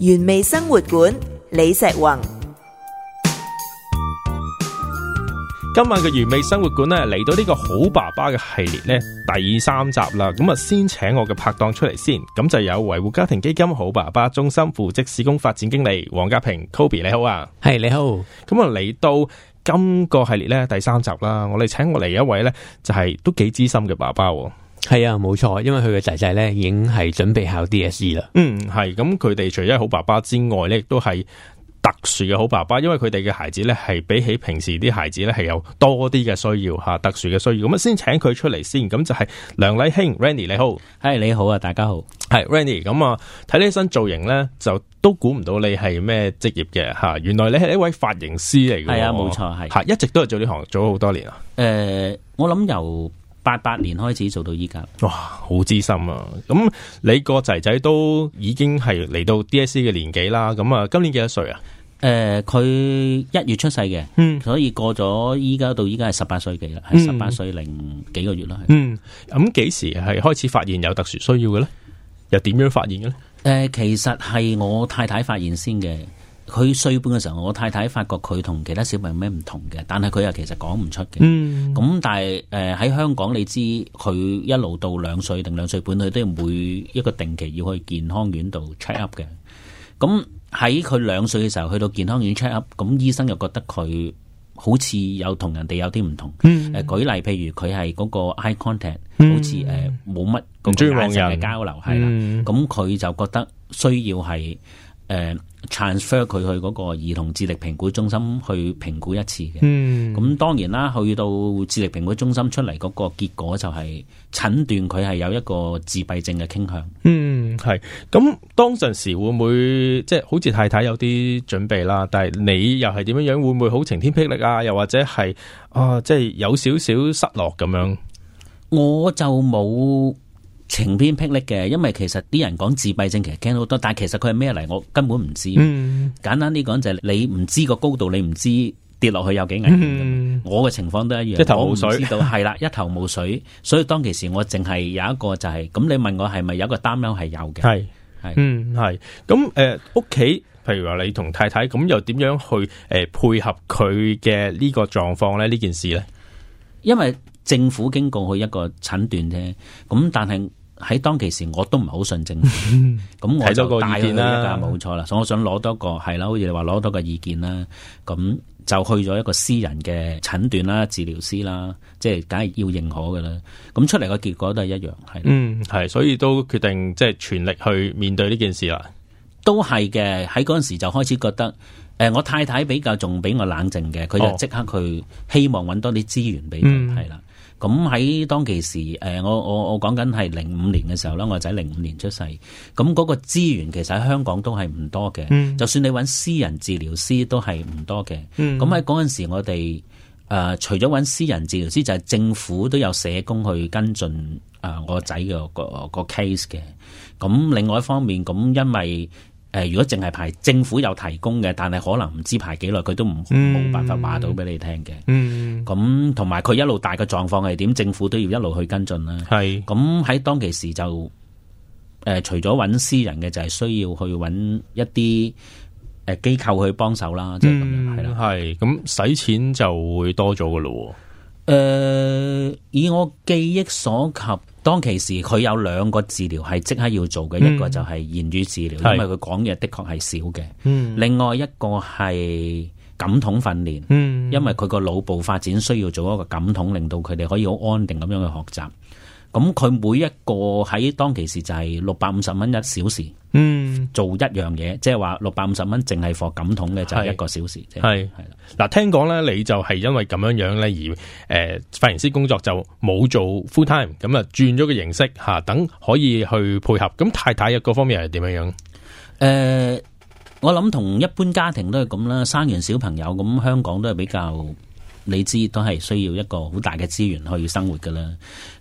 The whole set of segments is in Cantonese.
原味生活館李石宏，今晚嘅原味生活館咧，嚟到呢個好爸爸嘅系列咧，第三集啦，咁啊先請我嘅拍檔出嚟先，咁就有維護家庭基金好爸爸中心副職事工發展經理王家平，Kobe 你好啊。係你好，咁啊嚟到今個系列咧，第三集啦，我哋請我嚟一位咧，就係、是、都幾資深嘅爸爸哦、啊。係啊，冇錯，因為佢嘅仔仔咧，已經係準備考 DSE 啦。嗯，係，咁佢哋除咗係好爸爸之外咧，亦都係特殊嘅好爸爸，因為佢哋嘅孩子咧，係比起平時啲孩子咧，係有多啲嘅需要吓，特殊嘅需要，咁啊先請佢出嚟先。咁就係梁禮興 Randy 你好，係、hey, 你好啊，大家好，係 Randy。咁啊，睇呢身造型咧，就都估唔到你係咩職業嘅吓，原來你係一位髮型師嚟嘅。係啊，冇錯，係，係一直都係做呢行，做咗好多年啊。誒、呃，我諗由。八八年開始做到依家，哇，好資深啊！咁、嗯、你個仔仔都已經係嚟到 DSC 嘅年紀啦，咁啊，今年幾多歲啊？誒、呃，佢一月出世嘅，嗯，所以過咗依家到依家係十八歲幾啦，係十八歲零幾個月啦、嗯，嗯，咁幾時係開始發現有特殊需要嘅咧？又點樣發現嘅咧？誒、呃，其實係我太太發現先嘅。佢歲半嘅時候，我太太發覺佢同其他小朋友咩唔同嘅，但係佢又其實講唔出嘅。咁、嗯、但係誒喺香港，你知佢一路到兩歲定兩歲半，佢都要每一個定期要去健康院度 check up 嘅。咁喺佢兩歲嘅時候去到健康院 check up，咁醫生又覺得佢好似有同人哋有啲唔同。誒、嗯呃、舉例，譬如佢係嗰個 eye contact、嗯、好似誒冇乜咁專用嘅交流係啦。咁佢就覺得需要係誒。Transfer 佢去嗰個兒童智力評估中心去評估一次嘅，嗯，咁當然啦，去到智力評估中心出嚟嗰個結果就係診斷佢係有一個自閉症嘅傾向。嗯，係，咁當陣時會唔會即係好似太太有啲準備啦？但係你又係點樣樣？會唔會好晴天霹靂啊？又或者係啊，即係有少少失落咁樣？我就冇。晴偏霹靂嘅，因為其實啲人講自閉症，其實驚好多，但係其實佢係咩嚟，我根本唔知。嗯、簡單啲講就係你唔知個高度，你唔知跌落去有幾危險。嗯、我嘅情況都一樣，一頭霧水，我唔知道。係啦， 一頭霧水。所以當其時我淨係有一個就係、是，咁你問我係咪有一個擔憂係有嘅？係係是，的嗯係。咁誒屋企，譬如話你同太太，咁又點樣去誒配合佢嘅呢個狀況咧？呢件事咧？因為政府經過去一個診斷啫。咁但係。喺當其時我都唔係好順正，咁 我睇咗個意見啦，冇錯啦。所以我想攞多個係啦，好似你話攞多個意見啦，咁就去咗一個私人嘅診斷啦、治療師啦，即係梗係要認可㗎啦。咁出嚟個結果都係一樣，係嗯係，所以都決定即係、就是、全力去面對呢件事啦。都係嘅，喺嗰陣時就開始覺得，誒、呃，我太太比較仲比我冷靜嘅，佢就即刻去、哦、希望揾多啲資源俾佢係啦。嗯咁喺當其時，誒我我我講緊係零五年嘅時候咧，我仔零五年出世，咁嗰個資源其實喺香港都係唔多嘅，嗯、就算你搵私人治療師都係唔多嘅。咁喺嗰陣時我，我哋誒除咗搵私人治療師，就係、是、政府都有社工去跟進誒、呃、我仔嘅個個 case 嘅。咁另外一方面，咁因為誒，如果淨係排政府有提供嘅，但係可能唔知排幾耐，佢都唔冇、嗯、辦法話到俾你聽嘅。嗯，咁同埋佢一路大嘅狀況係點，政府都要一路去跟進啦。係是，咁喺當其時就誒、呃，除咗搵私人嘅，就係、是、需要去搵一啲誒機構去幫手啦。即係咁樣、就是、嗯，係啦的，係咁使錢就會多咗噶咯。誒、呃，以我記憶所及，當其時佢有兩個治療係即刻要做嘅，嗯、一個就係言語治療，是因為佢講嘢的確係少嘅。嗯、另外一個係感統訓練，嗯、因為佢個腦部發展需要做一個感統，令到佢哋可以好安定咁樣去學習。咁佢每一個喺當其時就係六百五十蚊一小時。嗯，做一樣嘢，即係話六百五十蚊，淨係放感統嘅就一個小時啫。係係嗱，是聽講咧，你就係因為咁樣樣咧而誒、嗯呃，髮型師工作就冇做 full time，咁啊轉咗個形式吓，嗯、等可以去配合。咁太太嘅嗰方面係點樣樣？誒、呃，我諗同一般家庭都係咁啦，生完小朋友咁，香港都係比較。你知都係需要一個好大嘅資源去生活噶啦，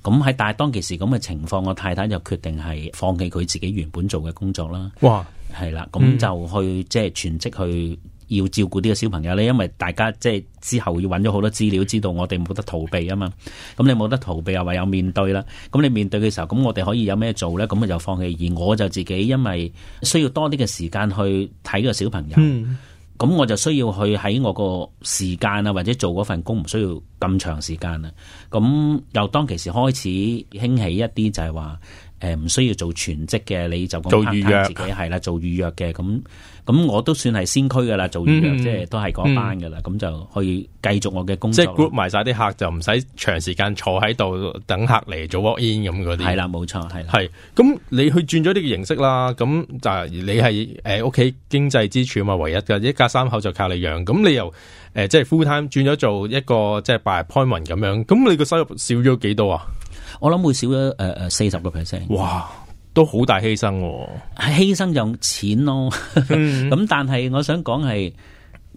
咁喺但係當其時咁嘅情況，我太太就決定係放棄佢自己原本做嘅工作啦。哇，係啦，咁就去即係全職去要照顧呢個小朋友咧。因為大家即係之後要揾咗好多資料，知道我哋冇得逃避啊嘛。咁你冇得逃避又唯有面對啦。咁你面對嘅時候，咁我哋可以有咩做咧？咁就放棄，而我就自己因為需要多啲嘅時間去睇個小朋友。嗯咁我就需要去喺我個時間啊，或者做嗰份工唔需要咁長時間啦。咁又當其時開始興起一啲就係話，誒、呃、唔需要做全職嘅，你就做預約自己係啦、嗯嗯，做預約嘅咁，咁我都算係先驅噶啦，做預約即係都係嗰班噶啦，咁就去繼續我嘅工作，即係 group 埋晒啲客就唔使長時間坐喺度等客嚟做 walk-in 咁嗰啲，係啦，冇錯係，係咁你去轉咗呢個形式啦，咁就你係誒屋企經濟支柱啊嘛，唯一噶一家三口就靠你養，咁你又。誒、呃，即係 full time 轉咗做一個即係 part-time 咁樣，咁你個收入少咗幾多啊？我諗會少咗誒誒四十個 percent。呃、哇，都好大犧牲喎、啊，犧牲用錢咯。咁、 嗯、但係我想講係，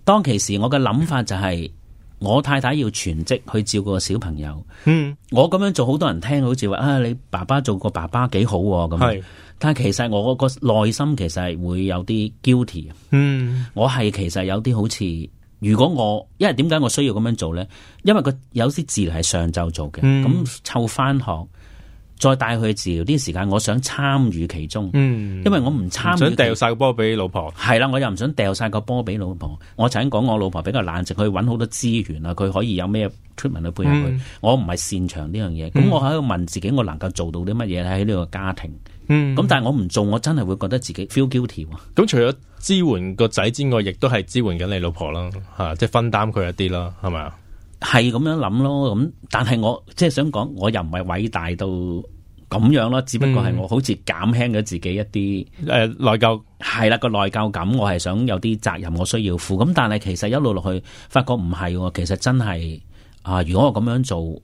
當其時我嘅諗法就係、是，我太太要全職去照顧個小朋友。嗯，我咁樣做好多人聽，好似話啊，你爸爸做個爸爸幾好咁、啊。係，是但係其實我個內心其實係會有啲 guilty。嗯，我係其實有啲好似。如果我，因為點解我需要咁樣做咧？因為個有啲字係上晝做嘅，咁湊翻學。再帶佢去治療啲時間，我想參與其中，嗯、因為我唔參與，想掉晒個波俾老婆。係啦，我又唔想掉晒個波俾老婆。我曾經講，我老婆比較冷靜，去揾好多資源啊，佢可以有咩 treatment 去配合佢。嗯、我唔係擅長呢樣嘢，咁、嗯、我喺度問自己，我能夠做到啲乜嘢喺呢個家庭？咁、嗯、但係我唔做，我真係會覺得自己 feel guilty。咁、嗯嗯、除咗支援個仔之外，亦都係支援緊你老婆啦，吓即係分擔佢一啲啦，係咪啊？係咁樣諗咯，咁但係我即係想講，我又唔係偉大到咁樣咯，只不過係我好似減輕咗自己一啲誒內疚，係啦個內疚感，我係想有啲責任，我需要負。咁但係其實一路落去發覺唔係喎，其實真係啊！如果我咁樣做，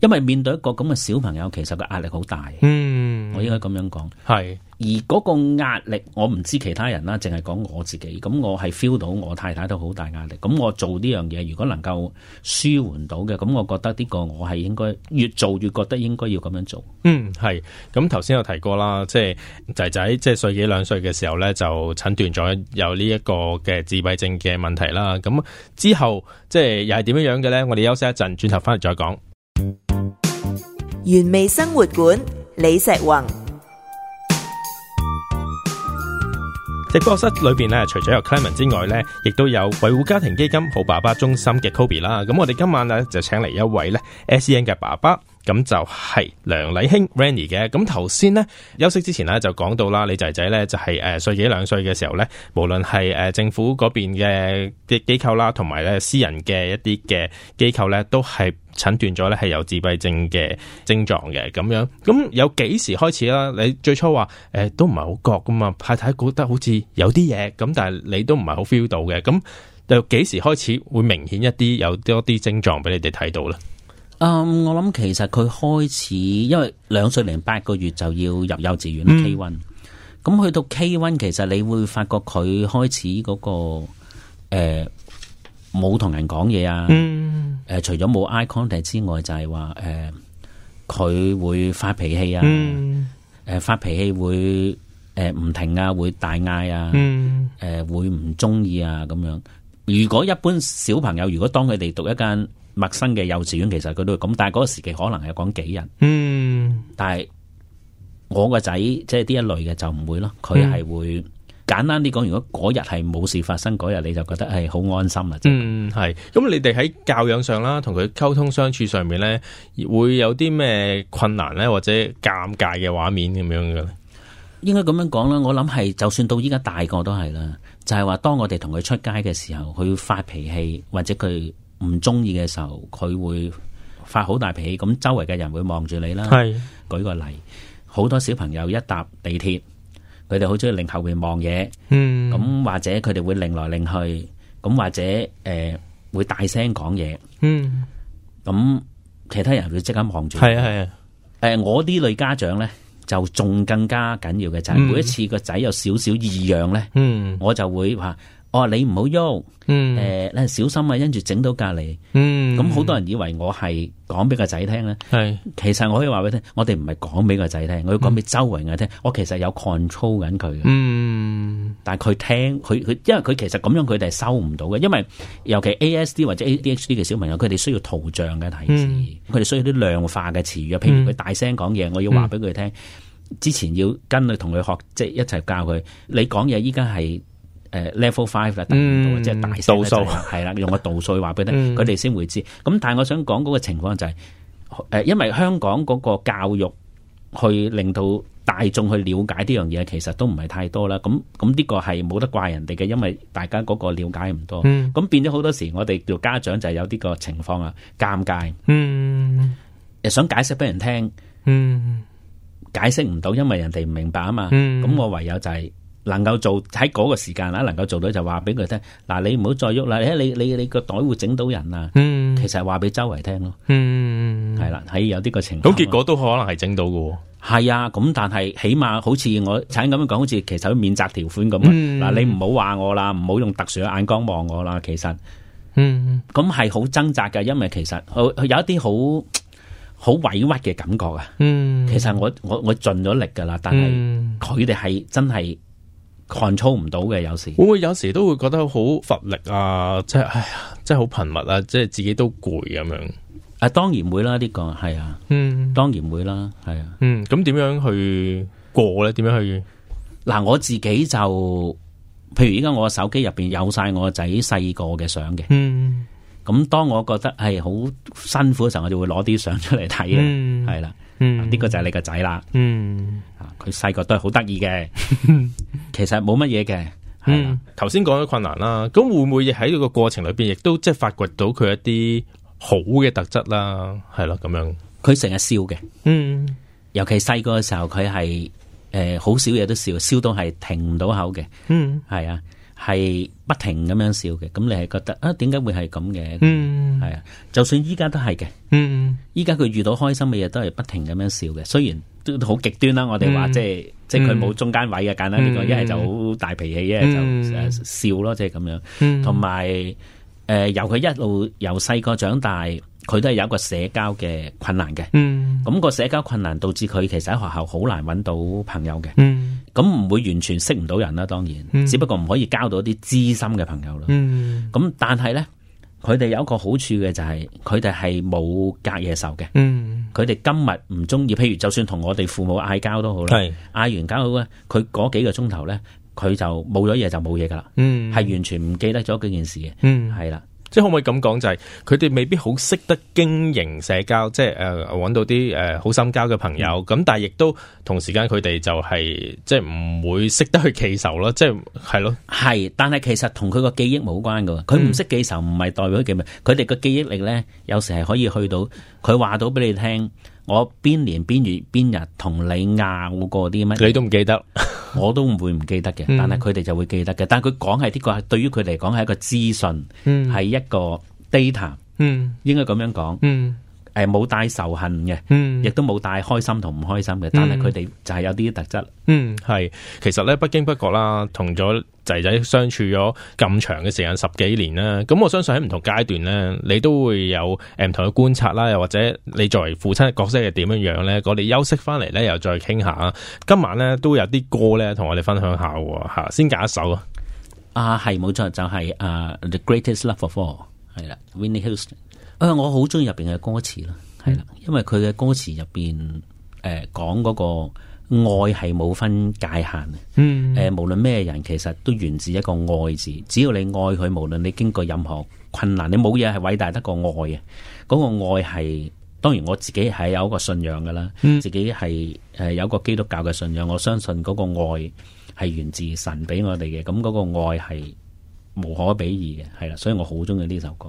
因為面對一個咁嘅小朋友，其實個壓力好大。嗯。我應該咁樣講，係是而嗰個壓力，我唔知其他人啦，淨係講我自己。咁我係 feel 到我太太都好大壓力。咁我做呢樣嘢，如果能夠舒緩到嘅，咁我覺得呢個我係應該越做越覺得應該要咁樣做。嗯，係。咁頭先有提過啦，即係仔仔即係歲幾兩歲嘅時候呢，就診斷咗有呢一個嘅自閉症嘅問題啦。咁之後即係又係點樣樣嘅呢？我哋休息一陣，轉頭翻嚟再講。原味生活館。李石云，直播室裏邊咧，除咗有 Clement 之外咧，亦都有維護家庭基金好爸爸中心嘅 Kobe 啦。咁、嗯、我哋今晚咧就請嚟一位咧 SEN 嘅爸爸。咁就係梁禮興 Renny 嘅。咁頭先咧休息之前呢，就講到啦，你仔仔呢，就係誒歲幾兩歲嘅時候呢，無論係誒政府嗰邊嘅啲機構啦，同埋咧私人嘅一啲嘅機構呢，都係診斷咗咧係有自閉症嘅症狀嘅。咁樣咁有幾時開始啦？你最初話誒、欸、都唔係好覺噶嘛，太太覺得好似有啲嘢，咁但係你都唔係好 feel 到嘅。咁又幾時開始會明顯一啲有多啲症狀俾你哋睇到咧？誒，um, 我諗其實佢開始，因為兩歲零八個月就要入幼稚園 K1 咁去到 K1 其實你會發覺佢開始嗰、那個誒冇同人講嘢啊，誒、嗯呃、除咗冇 eye contact 之外，就係話誒佢會發脾氣啊，誒、嗯呃、發脾氣會誒唔、呃、停啊，會大嗌啊，誒、嗯呃、會唔中意啊咁樣。如果一般小朋友，如果當佢哋讀一間。陌生嘅幼稚園，其實佢都係咁，但係嗰個時期可能係講幾日。嗯，但係我個仔即係呢一類嘅就唔會咯，佢係會、嗯、簡單啲講。如果嗰日係冇事發生，嗰日你就覺得係好安心啦。嗯，係。咁你哋喺教養上啦，同佢溝通相處上面呢，會有啲咩困難呢？或者尷尬嘅畫面咁樣嘅咧？應該咁樣講啦，我諗係就算到依家大個都係啦，就係、是、話當我哋同佢出街嘅時候，佢會發脾氣或者佢。唔中意嘅時候，佢會發好大脾氣，咁周圍嘅人會望住你啦。係。是的 舉個例，好多小朋友一搭地鐵，佢哋好中意擰後面望嘢。嗯，咁或者佢哋會擰來擰去，咁或者誒、呃、會大聲講嘢。嗯，咁其他人會即刻望住。係啊，係啊，我呢類家長呢，就仲更加緊要嘅就係每一次個仔有少少異樣呢，嗯嗯、我就會話。哦，你唔好喐，誒、嗯，你、呃、小心啊，因住整到隔籬，咁好、嗯、多人以為我係講俾個仔聽咧。係是，其實我可以話俾佢聽，我哋唔係講俾個仔聽，我要講俾周圍嘅聽。我其實有 control 緊佢嘅，嗯、但係佢聽，佢佢，因為佢其實咁樣佢哋係收唔到嘅，因為尤其 A S D 或者 A D H D 嘅小朋友，佢哋需要圖像嘅提示，佢哋、嗯、需要啲量化嘅詞語。譬如佢大聲講嘢，我要話俾佢聽，嗯嗯、之前要跟佢同佢學，即、就、係、是、一齊教佢。你講嘢依家係。誒，level five 度啊，嗯、即係大數係啦，用個倒數話俾你，佢哋先會知。咁但係我想講嗰個情況就係，誒，因為香港嗰個教育去令到大眾去了解呢樣嘢，其實都唔係太多啦。咁咁呢個係冇得怪人哋嘅，因為大家嗰個了解唔多。咁、嗯、變咗好多時，我哋叫家長就係有啲個情況啊，尷尬。嗯，想解釋俾人聽，嗯，解釋唔到，因為人哋唔明白啊嘛。咁我唯有就係。嗯能夠做喺嗰個時間啦，能夠做到就話俾佢聽。嗱，你唔好再喐啦，你你你你個袋會整到人啊。嗯，其實係話俾周圍聽咯。嗯，係啦，喺有啲個情況，咁結果都可能係整到噶。係啊，咁但係起碼好似我產咁樣講，好似其實啲免責條款咁。嗱，你唔好話我啦，唔好用特殊嘅眼光望我啦。其實，嗯，咁係好掙扎嘅，因為其實佢佢有一啲好好委屈嘅感覺啊。嗯，其實我我我盡咗力噶啦，但係佢哋係真係。控制唔到嘅，有時，會唔會有時都會覺得好乏力啊？即係哎呀，即係好頻密啊！即係自己都攰咁樣。啊，當然會啦，呢個係啊，嗯，當然會啦，係啊，嗯。咁點樣去過咧？點樣去？嗱、啊，我自己就，譬如依家我手機入邊有晒我仔細個嘅相嘅，嗯。咁當我覺得係好辛苦嘅時候，我就會攞啲相出嚟睇嘅，係啦、嗯。嗯、呢個就係你個仔啦，嗯，佢細個都係好得意嘅， 其實冇乜嘢嘅，係啦。頭先講咗困難啦，咁會唔會喺呢個過程裏邊，亦都即係發掘到佢一啲好嘅特質啦？係咯、啊，咁樣。佢成日笑嘅，嗯，尤其細個嘅時候，佢係誒好少嘢都笑，笑到係停唔到口嘅，嗯，係啊。係不停咁樣笑嘅，咁你係覺得啊，點解會係咁嘅？嗯，係啊，就算依家都係嘅。嗯，依家佢遇到開心嘅嘢都係不停咁樣笑嘅。雖然都好極端啦，我哋話即係即係佢冇中間位嘅，簡單啲講，一係就好大脾氣，一係就笑咯，即係咁樣。同埋誒由佢一路由細個長大，佢都係有一個社交嘅困難嘅。嗯，咁個社交困難導致佢其實喺學校好難揾到朋友嘅。咁唔會完全識唔到人啦，當然，嗯，只不過唔可以交到啲知心嘅朋友咯。咁，嗯，但係咧，佢哋有一個好處嘅就係，佢哋係冇隔夜仇嘅。佢哋，嗯，今日唔中意，譬如就算同我哋父母嗌交都好啦，嗌是完交好咧，佢嗰幾個鐘頭咧，佢就冇咗嘢，就冇嘢噶啦，係，嗯，完全唔記得咗嗰件事嘅。係啦，嗯。即係可唔可以咁講就係佢哋未必好識得經營社交，即係誒揾到啲誒好深交嘅朋友，咁但係亦都同時間佢哋就係、是、即係唔會識得去記仇咯，即係係咯。係，但係其實同佢個記憶冇關㗎，佢唔識記仇唔係代表記唔，佢哋個記憶力咧有時係可以去到佢話到俾你聽。我邊年邊月邊日同你拗過啲咩？你都唔記得， 我都唔會唔記得嘅，但係佢哋就會記得嘅。但係佢講係呢個係對於佢嚟講係一個資訊，係、嗯、一個 data，嗯、應該咁樣講。嗯嗯係冇帶仇恨嘅，亦都冇帶開心同唔開心嘅。但係佢哋就係有啲特質。嗯，係、嗯。其實咧，不經不覺啦，同咗仔仔相處咗咁長嘅時間，十幾年啦。咁我相信喺唔同階段咧，你都會有誒唔同嘅觀察啦。又或者你作為父親嘅角色係點樣樣咧？我哋休息翻嚟咧，又再傾下。今晚咧都有啲歌咧同我哋分享下。吓，先揀一首啊。啊，係冇錯，就係、是、啊、uh, The Greatest Love of All，係啦，Whitney Houston 誒，我好中意入邊嘅歌詞啦，係啦，因為佢嘅歌詞入邊誒講嗰個愛係冇分界限嘅，嗯，誒，無論咩人，其實都源自一個愛字，只要你愛佢，無論你經過任何困難，你冇嘢係偉大得過愛嘅，嗰個愛係，當然我自己係有一個信仰噶啦，嗯，自己係誒有一個基督教嘅信仰，我相信嗰個愛係源自神俾我哋嘅，咁嗰個愛係無可比擬嘅，係啦，所以我好中意呢首歌。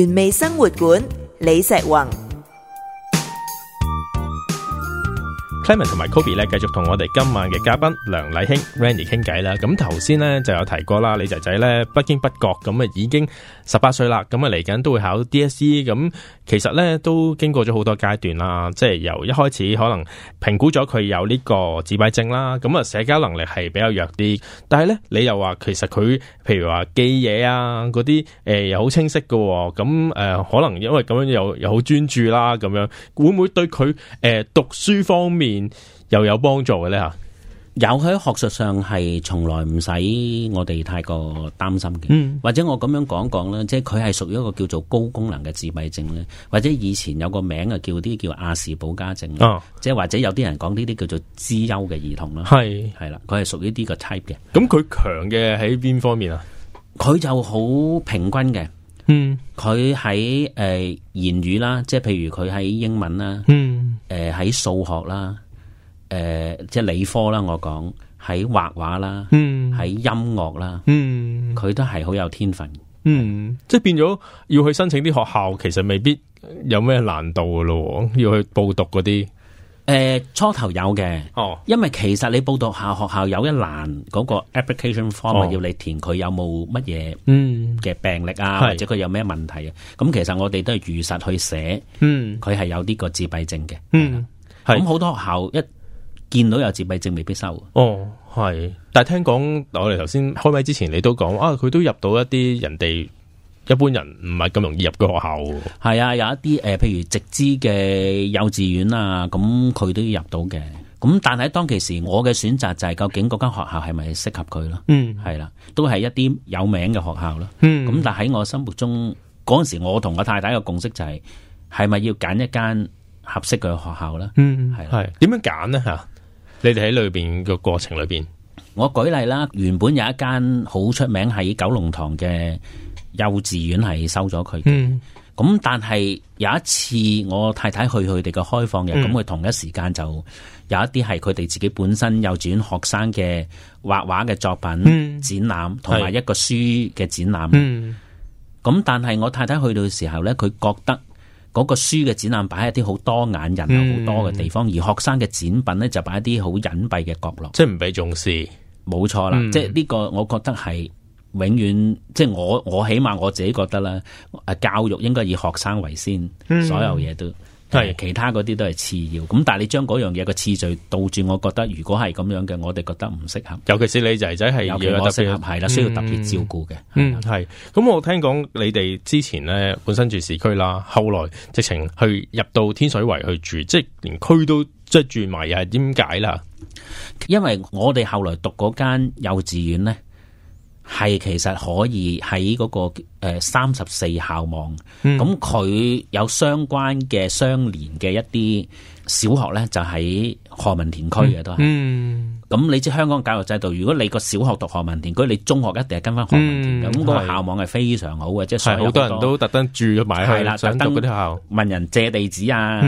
原味生活館，李石宏。Simon 同埋 Kobe 咧，繼續同我哋今晚嘅嘉賓梁禮興 Randy 傾偈啦。咁頭先咧就有提過啦，你仔仔咧不經不覺咁啊、嗯、已經十八歲啦，咁啊嚟緊都會考 DSE、嗯。咁其實咧都經過咗好多階段啦，即係由一開始可能評估咗佢有呢個自閉症啦，咁、嗯、啊社交能力係比較弱啲。但係咧你又話其實佢譬如話記嘢啊嗰啲誒又好清晰噶、喔，咁、嗯、誒、呃、可能因為咁樣又又好專注啦，咁樣會唔會對佢誒、呃、讀書方面？又有幫助嘅咧吓，有喺學術上係從來唔使我哋太過擔心嘅。嗯，或者我咁樣講講啦，即係佢係屬於一個叫做高功能嘅自閉症咧，或者以前有個名啊叫啲叫亞氏保加症，啊，即係或者有啲人講呢啲叫做資優嘅兒童啦，係係啦，佢係屬於呢個 type 嘅。咁佢強嘅喺邊方面啊？佢就好平均嘅，嗯，佢喺誒言語啦，即係譬如佢喺英文啦，嗯，誒喺數學啦。誒，即係理科啦，我講喺畫畫啦，嗯，喺音樂啦，嗯，佢都係好有天分，嗯，即係變咗要去申請啲學校，其實未必有咩難度噶咯，要去報讀嗰啲，誒、呃，初頭有嘅，哦，因為其實你報讀校學校有一欄嗰、嗰個 application form 要你填，佢有冇乜嘢，嗯嘅病歷啊，嗯、或者佢有咩問題啊，咁其實我哋都係如實去寫，嗯，佢係有呢個自閉症嘅，嗯，咁好多學校一。見到有自閉症未必收哦。係，但係聽講我哋頭先開咪之前，你都講啊，佢都入到一啲人哋一般人唔係咁容易入嘅學校。係啊，有一啲誒、呃，譬如直資嘅幼稚園啊，咁佢都要入到嘅。咁但係當其時，我嘅選擇就係究竟嗰間學校係咪適合佢咯？嗯，係啦、啊，都係一啲有名嘅學校咯。嗯，咁但喺我心目中嗰陣時，我同我太太嘅共識就係係咪要揀一間合適嘅學校咧？嗯，係係點樣揀咧吓？你哋喺裏邊嘅過程裏邊，我舉例啦。原本有一間好出名喺九龍塘嘅幼稚園係收咗佢嘅。嗯，咁但係有一次我太太去佢哋個開放日，咁佢、嗯、同一時間就有一啲係佢哋自己本身幼稚園學生嘅畫畫嘅作品、嗯、展覽，同埋一個書嘅展覽。嗯，咁但係我太太去到時候呢，佢覺得。嗰個書嘅展覽擺喺啲好多眼人流好多嘅地方，嗯、而學生嘅展品咧就擺喺啲好隱蔽嘅角落，即係唔俾重視，冇錯啦。嗯、即係呢個，我覺得係永遠，即係我我起碼我自己覺得啦。誒，教育應該以學生為先，所有嘢都。嗯係其他嗰啲都係次要，咁但係你將嗰樣嘢個次序倒轉，我覺得如果係咁樣嘅，我哋覺得唔適合。尤其是你仔仔係，有冇特別係啦，需要特別照顧嘅，嗯。嗯，係。咁我聽講你哋之前咧本身住市區啦，後來直情去入到天水圍去住，即係連區都即係住埋，又係點解啦？因為我哋後來讀嗰間幼稚園咧。係其實可以喺嗰個誒三十四校網，咁佢有相關嘅相連嘅一啲小學咧，就喺何文田區嘅都係。咁你知香港教育制度，如果你個小學讀何文田區，你中學一定係跟翻何文田。咁個校網係非常好嘅，即係好多人都特登住咗埋去啦，想讀嗰啲校問人借地址啊、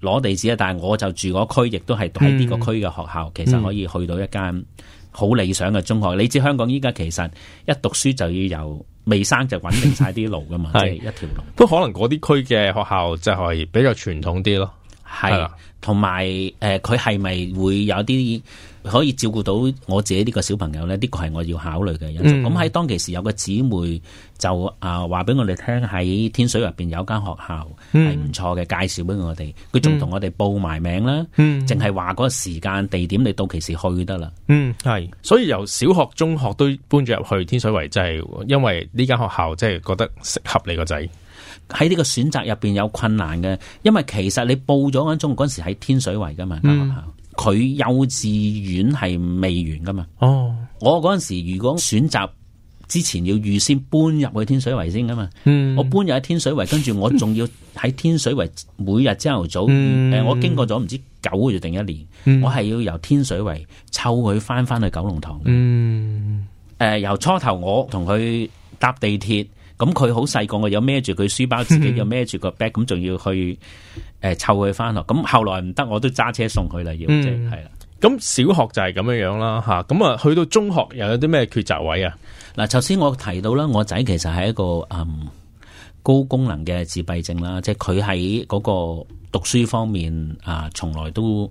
攞地址啊。但係我就住嗰區，亦都係讀喺呢個區嘅學校，其實可以去到一間。好理想嘅中學，你知香港依家其實一讀書就要由未生就穩定晒啲路㗎嘛，即係 是一條路。不過可能嗰啲區嘅學校就係比較傳統啲咯，係是。同埋，誒佢係咪會有啲可以照顧到我自己呢個小朋友呢？呢個係我要考慮嘅因素。咁喺、嗯、當其時有個姊妹就啊話俾我哋聽，喺天水圍入邊有間學校係唔錯嘅，嗯、介紹俾我哋。佢仲同我哋報埋名啦，淨係話嗰個時間、地點，你到期時去得啦。嗯，係。所以由小學、中學都搬咗入去天水圍，就係、是、因為呢間學校即係覺得適合你個仔。喺呢個選擇入邊有困難嘅，因為其實你報咗間中學嗰時喺天水圍噶嘛間、嗯、學校，佢幼稚園係未完噶嘛。哦，我嗰陣時如果選擇之前要預先搬入去天水圍先噶嘛。嗯、我搬入去天水圍，跟住我仲要喺天水圍每日朝頭早，誒、嗯，呃，我經過咗唔知九個月定一年，嗯、我係要由天水圍湊佢翻翻去九龍塘。嗯，誒、呃，由初頭我同佢搭地鐵。咁佢好細個，我有孭住佢書包，自己又孭住個 bag，咁仲要去誒湊佢返學。咁後來唔得，我都揸車送佢啦。要即係啦。咁、嗯、係嘅小學就係咁樣樣啦，吓。咁啊，去到中學又有啲咩抉擇位啊？嗱，頭先我提到啦，我仔其實係一個嗯高功能嘅自閉症啦，即係佢喺嗰個讀書方面啊，從來都。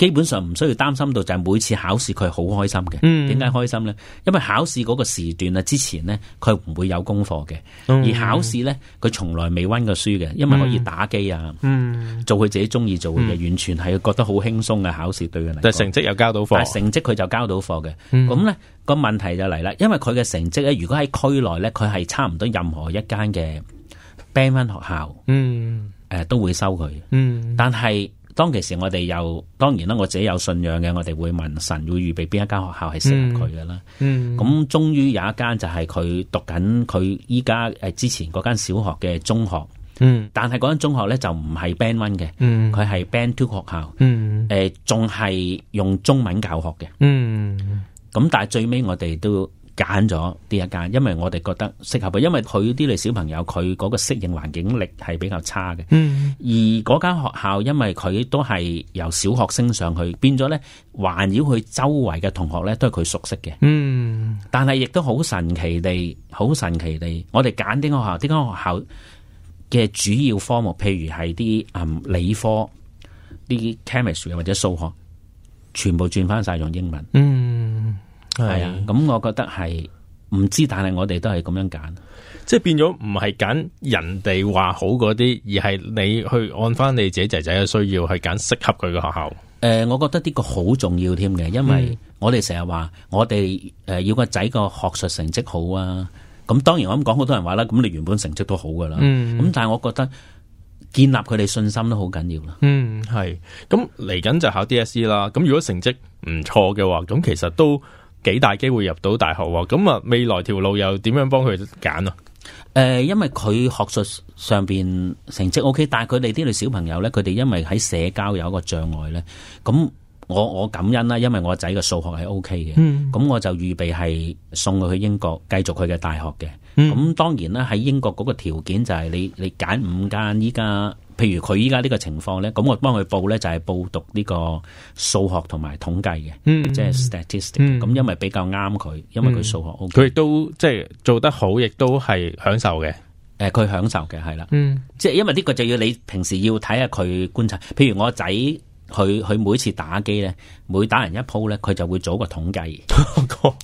基本上唔需要擔心到，就係每次考試佢好開心嘅。點解、嗯、開心呢？因為考試嗰個時段啊，之前呢，佢唔會有功課嘅。嗯、而考試呢，佢從來未温過書嘅，因為可以打機啊，嗯、做佢自己中意做嘅，嗯、完全係覺得好輕鬆嘅考試對佢嚟、那個。但係成績又交到課？但係成績佢就交到課嘅。咁、嗯、呢、那個問題就嚟啦，因為佢嘅成績呢，如果喺區內呢，佢係差唔多任何一間嘅 band one 學校，誒、嗯嗯、都會收佢。但係。當其時我哋又當然啦，我自己有信仰嘅，我哋會問神會預備邊一間學校係適合佢嘅啦。嗯，咁終於有一間就係佢讀緊佢依家，誒，之前嗰間小學嘅中學。嗯，但係嗰間中學咧，就唔係 Band One 嘅。嗯，佢係 Band Two 學校。嗯，誒，仲係用中文教學嘅。嗯、咁、嗯、但係最尾我哋都揀咗呢一間，因為我哋覺得適合佢，因為佢啲嚟小朋友佢嗰個適應環境力係比較差嘅。嗯，而嗰間學校因為佢都係由小學升上去，變咗呢，環繞佢周圍嘅同學呢，都係佢熟悉嘅。嗯，但係亦都好神奇地，好神奇地，我哋揀呢間學校，呢間學校嘅主要科目，譬如係啲、嗯、理科，啲 chemistry 或者數學，全部轉翻晒用英文。嗯。係啊，咁我覺得係唔知，但係我哋都係咁樣揀，即係變咗唔係揀人哋話好嗰啲，而係你去按翻你自己仔仔嘅需要去揀適合佢嘅學校。誒、呃，我覺得呢個好重要添嘅，因為我哋，嗯、成日話我哋誒要個仔個學術成績好啊。咁當然我咁講，好多人話啦，咁你原本成績都好噶啦。咁，嗯，但係我覺得建立佢哋信心都好緊要啊。嗯，係。咁嚟緊就考 DSE 啦。咁如果成績唔錯嘅話，咁其實都。幾大機會入到大學啊？咁啊，未來條路又點樣幫佢揀啊？誒，因為佢學術上邊成績 O K，但係佢哋啲類小朋友咧，佢哋因為喺社交有一個障礙咧，咁我我感恩啦，因為我仔嘅數學係 O K 嘅，咁、嗯、我就預備係送佢去英國繼續佢嘅大學嘅。咁、嗯、當然啦，喺英國嗰個條件就係你你揀五間依家，譬如佢依家呢個情況咧，咁我幫佢報咧就係報讀呢個數學同埋統計嘅，即係 statistic。咁因為比較啱佢，因為佢數學 O、OK。佢亦、嗯、都即係、就是、做得好，亦都係享受嘅。誒，佢享受嘅係啦，即係、嗯、因為呢個就要你平時要睇下佢觀察。譬如我仔，佢佢每次打機咧，每打完一鋪咧，佢就會做一個統計。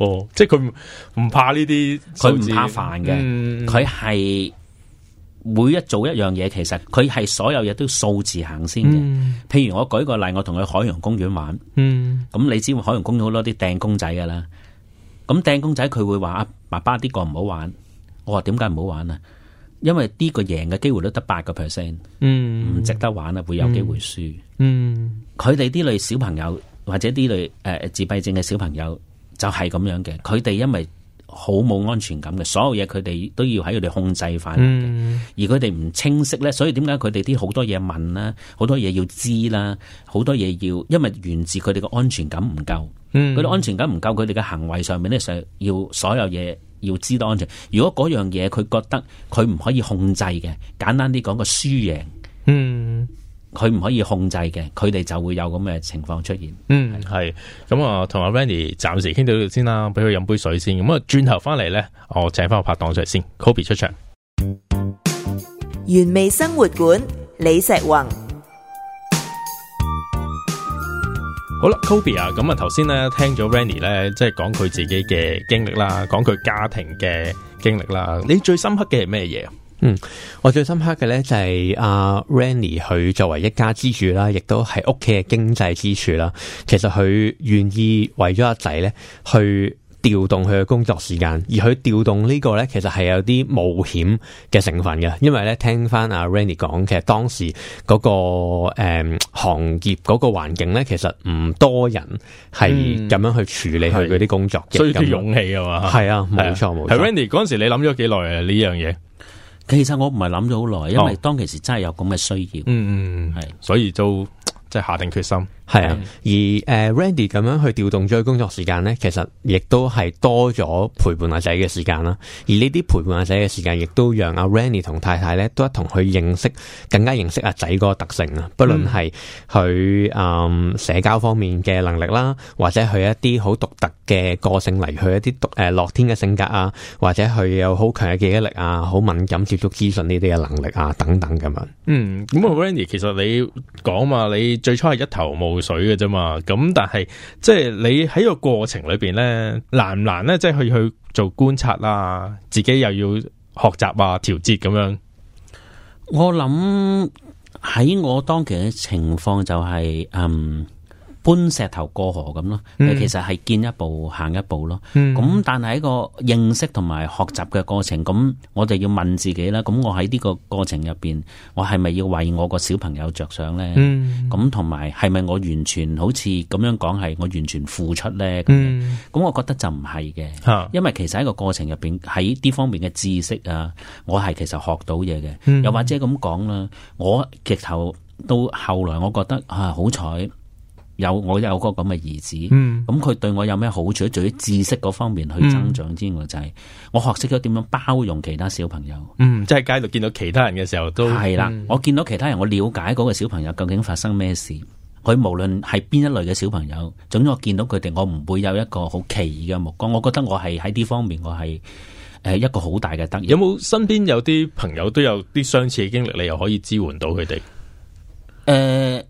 哦、即係佢唔怕呢啲，佢唔怕煩嘅，佢係、嗯、每一做一樣嘢，其實佢係所有嘢都數字行先嘅。嗯、譬如我舉個例，我同佢去海洋公園玩，咁、嗯、你知海洋公園好多啲掟公仔噶啦，咁掟公仔佢會話阿、啊、爸爸呢個唔好玩，我話點解唔好玩啊？因為呢個贏嘅機會都得八個 percent，唔值得玩啦，會有機會輸。佢哋呢類小朋友或者呢類誒、呃、自閉症嘅小朋友。就係咁樣嘅，佢哋因為好冇安全感嘅，所有嘢，佢哋都要喺佢哋控制返，嗯、而佢哋唔清晰呢，所以點解佢哋啲好多嘢問啦，好多嘢要知啦，好多嘢要，因為源自佢哋嘅安全感唔夠，佢哋、嗯、安全感唔夠，佢哋嘅行為上面呢，就要所有嘢要知道安全。如果嗰樣嘢佢覺得佢唔可以控制嘅，簡單啲講個輸贏，輸贏，嗯。佢唔可以控制嘅，佢哋就會有咁嘅情況出現。嗯，係咁啊，同、嗯、阿 Randy 暫時傾到呢度先啦，俾佢飲杯水先。咁啊，轉頭翻嚟咧，我請翻我拍檔出嚟先，Kobe 出場。原味生活館李石宏，好啦，Kobe 啊，咁啊，頭先咧聽咗 Randy 咧，即係講佢自己嘅經歷啦，講佢家庭嘅經歷啦，你最深刻嘅係咩嘢？嗯，我最深刻嘅咧就係阿 Randy 佢作為一家之主啦，亦都係屋企嘅經濟支柱啦。其實佢願意為咗阿仔咧去調動佢嘅工作時間，而佢調動個呢個咧其實係有啲冒險嘅成分嘅。因為咧聽翻阿 Randy 講，其實當時嗰、嗰個誒、嗯、行業嗰個環境咧，其實唔多人係咁樣去處理佢嗰啲工作嘅，需要啲勇氣啊嘛。係那啊，冇錯冇錯。Randy 嗰陣時你諗咗幾耐啊呢樣嘢？其實我唔係諗咗好耐，因為當其時真係有咁嘅需要，哦、嗯，係是所以都即係下定決心。係啊，而誒 Randy 咁樣去調動咗工作時間咧，其實亦都係多咗陪伴阿仔嘅時間啦。而呢啲陪伴阿仔嘅時間亦都讓阿 Randy 同太太咧都一同去認識更加認識阿仔個特性啊。不論係佢誒社交方面嘅能力啦，或者佢一啲好獨特嘅個性嚟，去一啲獨誒樂天嘅性格啊，或者佢有好強嘅記憶力啊，好敏感接觸資訊呢啲嘅能力啊，等等咁樣嗯，咁 Randy 其實你講嘛，你最初係一頭霧。水嘅啫嘛，咁但係即係你喺個過程裏邊咧難唔難咧？即係去去做觀察啦，自己又要學習啊，調節咁樣。我諗喺我當期嘅情況就係、是、嗯。搬石頭過河咁咯，嗯、其實係見一步行一步咯。咁、嗯、但係一個認識同埋學習嘅過程，咁我就要問自己啦。咁我喺呢個過程入邊，我係咪要為我個小朋友着想呢？咁同埋係咪我完全好似咁樣講係我完全付出呢？咁、嗯、我覺得就唔係嘅，嗯、因為其實喺個過程入邊喺呢方面嘅知識啊，我係其實學到嘢嘅。嗯、又或者咁講啦，我直頭到後來，我覺得啊，好彩。有我有個咁嘅兒子，咁佢、嗯、對我有咩好處？除咗知識嗰方面去增長之外，嗯、就係我學識咗點樣包容其他小朋友，嗯。即係街度見到其他人嘅時候都係啦。的嗯、我見到其他人，我了解嗰個小朋友究竟發生咩事。佢無論係邊一類嘅小朋友，總之我見到佢哋，我唔會有一個好奇異嘅目光。我覺得我係喺呢方面，我係誒一個好大嘅得益。有冇身邊有啲朋友都有啲相似嘅經歷，你又可以支援到佢哋？誒、呃。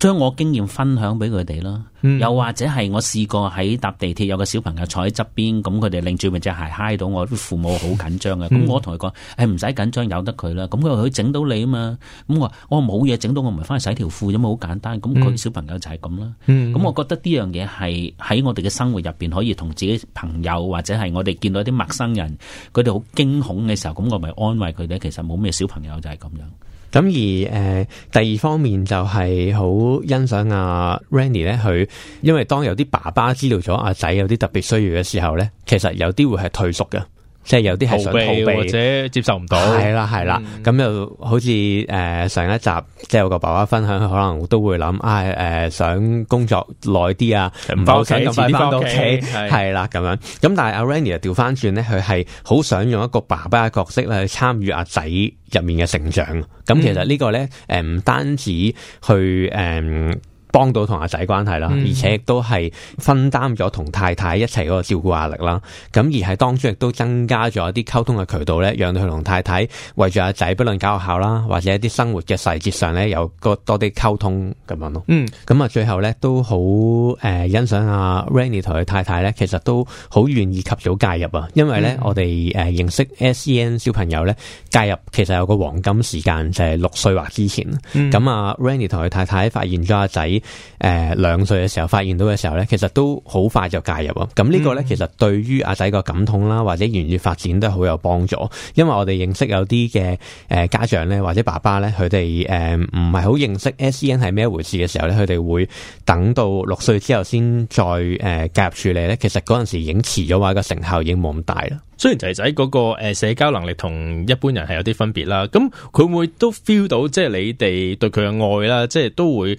將我經驗分享俾佢哋咯，又或者係我試過喺搭地鐵，有個小朋友坐喺側邊，咁佢哋令住面隻鞋嗨到，我啲父母好緊張嘅。咁 我同佢講，誒，唔使緊張，由得佢啦。咁佢話佢整到你啊嘛。咁我話我冇嘢整到我，我唔係翻去洗條褲啫嘛，好簡單。咁佢小朋友就係咁啦。咁 我覺得呢樣嘢係喺我哋嘅生活入邊，可以同自己朋友或者係我哋見到啲陌生人，佢哋好驚恐嘅時候，咁我咪安慰佢哋，其實冇咩，小朋友就係咁樣。咁而誒、呃、第二方面就係好欣賞阿、啊、Ranny 咧。佢因為當有啲爸爸知道咗阿仔有啲特別需要嘅時候咧，其實有啲會係退縮嘅。即係有啲係想逃避或者接受唔到，係啦係啦，咁又、嗯、好似誒、呃、上一集即係有個爸爸分享，佢可能都會諗啊誒想工作耐啲啊，唔好家想咁快翻到屋企，係啦咁樣。咁但係阿 Rania 調翻轉咧，佢係好想用一個爸爸嘅角色咧去參與阿仔入面嘅成長。咁、嗯、其實個呢個咧誒唔單止去誒。呃幫到同阿仔關係啦，而且亦都係分擔咗同太太一齊嗰個照顧壓力啦。咁而係當中亦都增加咗一啲溝通嘅渠道咧，讓到佢同太太為住阿仔，不論搞學校啦，或者一啲生活嘅細節上咧，有個多啲溝通咁樣咯。嗯，咁啊，最後咧都好誒、呃，欣賞阿 Randy 同佢太太咧，其實都好願意及早介入啊。因為咧，嗯、我哋誒認識 SEN 小朋友咧，介入其實有個黃金時間就係六歲或之前。咁啊 Randy 同佢太太發現咗阿仔。誒，兩歲嘅時候發現到嘅時候呢，其實都好快就介入，咁呢個呢，嗯、其實對於阿仔個感統啦或者言語發展都好有幫助。因為我哋認識有啲嘅誒家長呢，或者爸爸呢，佢哋誒唔係好認識 SEN 係咩回事嘅時候呢，佢哋會等到六歲之後先再誒、呃、介入處理呢。其實嗰陣時已經遲咗話，個成效已經冇咁大啦。雖然仔仔嗰個誒社交能力同一般人係有啲分別啦，咁佢會，會都 feel 到，即係你哋對佢嘅愛啦，即係都會誒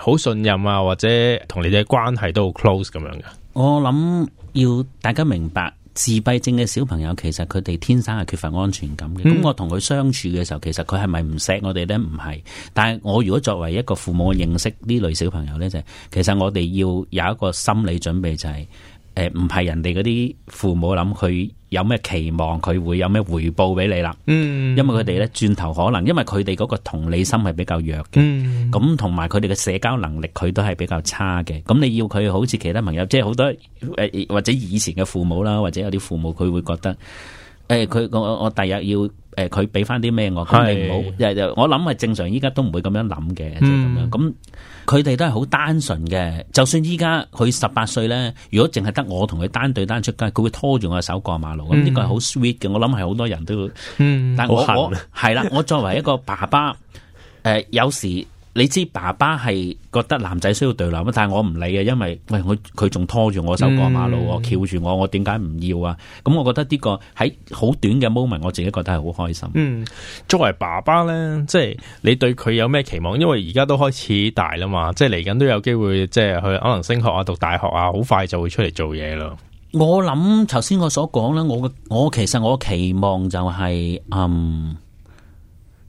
好、呃、信任啊，或者同你哋嘅關係都好 close 咁樣嘅。我諗要大家明白，自閉症嘅小朋友其實佢哋天生係缺乏安全感嘅。咁、嗯、我同佢相處嘅時候，其實佢係咪唔錫我哋咧？唔係。但係我如果作為一個父母認識呢類小朋友咧，就是、其實我哋要有一個心理準備、就是，就係誒唔係人哋嗰啲父母諗去。 有咩期望佢會有咩回報俾你啦？嗯，因為佢哋咧，轉頭可能，因為佢哋嗰個同理心係比較弱嘅，咁同埋佢哋嘅社交能力佢都係比較差嘅。咁你要佢好似其他朋友，即係好多誒，或者以前嘅父母啦，或者有啲父母佢會覺得。誒，佢、欸、我我我第日要誒，佢俾翻啲咩我？咁是你唔好我諗係正常，依家都唔會咁樣諗嘅，咁、就是、樣。咁佢哋都係好單純嘅，就算依家佢十八歲咧，如果淨係得我同佢單對單出街，佢會拖住我嘅手過馬路，咁呢、嗯、個係好 sweet 嘅。我諗係好多人都會，嗯、但係我幸我係啦， 我作為一個爸爸，誒、呃、有時。你知爸爸係覺得男仔需要獨立，但係我唔理嘅，因為喂，佢佢仲拖住我手過馬路，翹住、嗯、我，我點解唔要啊？咁、嗯、我覺得呢個喺好短嘅 moment，我自己覺得係好開心。嗯，作為爸爸呢，即係你對佢有咩期望？因為而家都開始大啦嘛，即係嚟緊都有機會，即係去可能升學啊、讀大學啊，好快就會出嚟做嘢咯。我諗頭先我所講呢，我我其實我期望就係、是、嗯。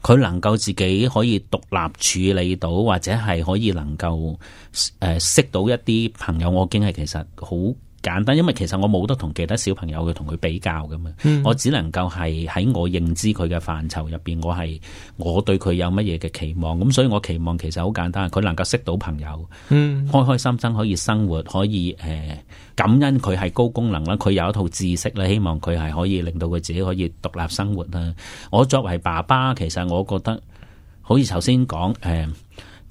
佢能夠自己可以獨立處理到，或者係可以能夠誒、呃、識到一啲朋友，我見係其實好簡單，因為其實我冇得同其他小朋友去同佢比較㗎嘛。嗯、我只能夠係喺我認知佢嘅範疇入邊，我係我對佢有乜嘢嘅期望，咁所以我期望其實好簡單，佢能夠識到朋友，嗯、開開心心可以生活，可以誒、呃、感恩佢係高功能啦，佢有一套知識啦，希望佢係可以令到佢自己可以獨立生活啦。我作為爸爸，其實我覺得好似頭先講誒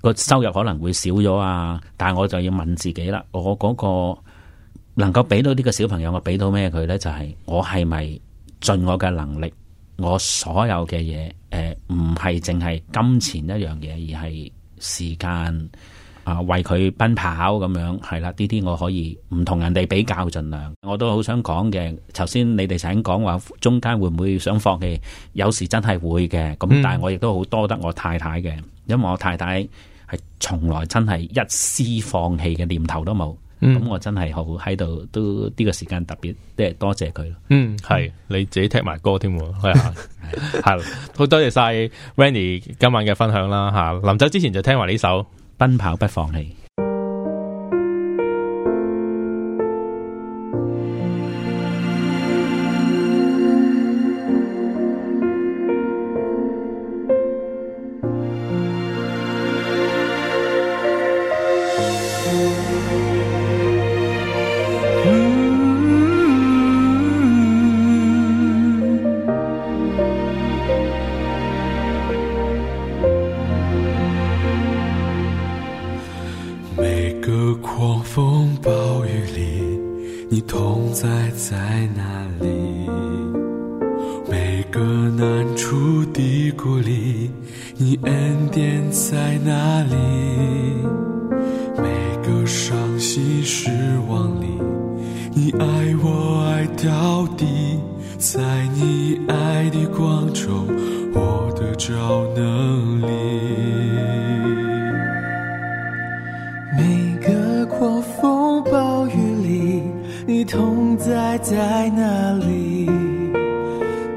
個收入可能會少咗啊，但係我就要問自己啦，我嗰、嗰個。能夠俾到呢個小朋友，我俾到咩佢呢就係、是、我係咪盡我嘅能力，我所有嘅嘢，誒唔係淨係金錢一樣嘢，而係時間啊、呃，為佢奔跑咁樣係啦。呢啲我可以唔同人哋比較，盡量我都好想講嘅。頭先你哋請講話，中間會唔會想放棄？有時真係會嘅，咁、嗯、但係我亦都好多得我太太嘅，因為我太太係從來真係一絲放棄嘅念頭都冇。咁、嗯、我真係好喺度，都呢個時間特別，即係多謝佢。嗯，係 你自己聽埋歌添喎，係啊 的，係好多謝晒 Renny 今晚嘅分享啦吓。臨走之前就聽埋呢首《奔跑不放棄》。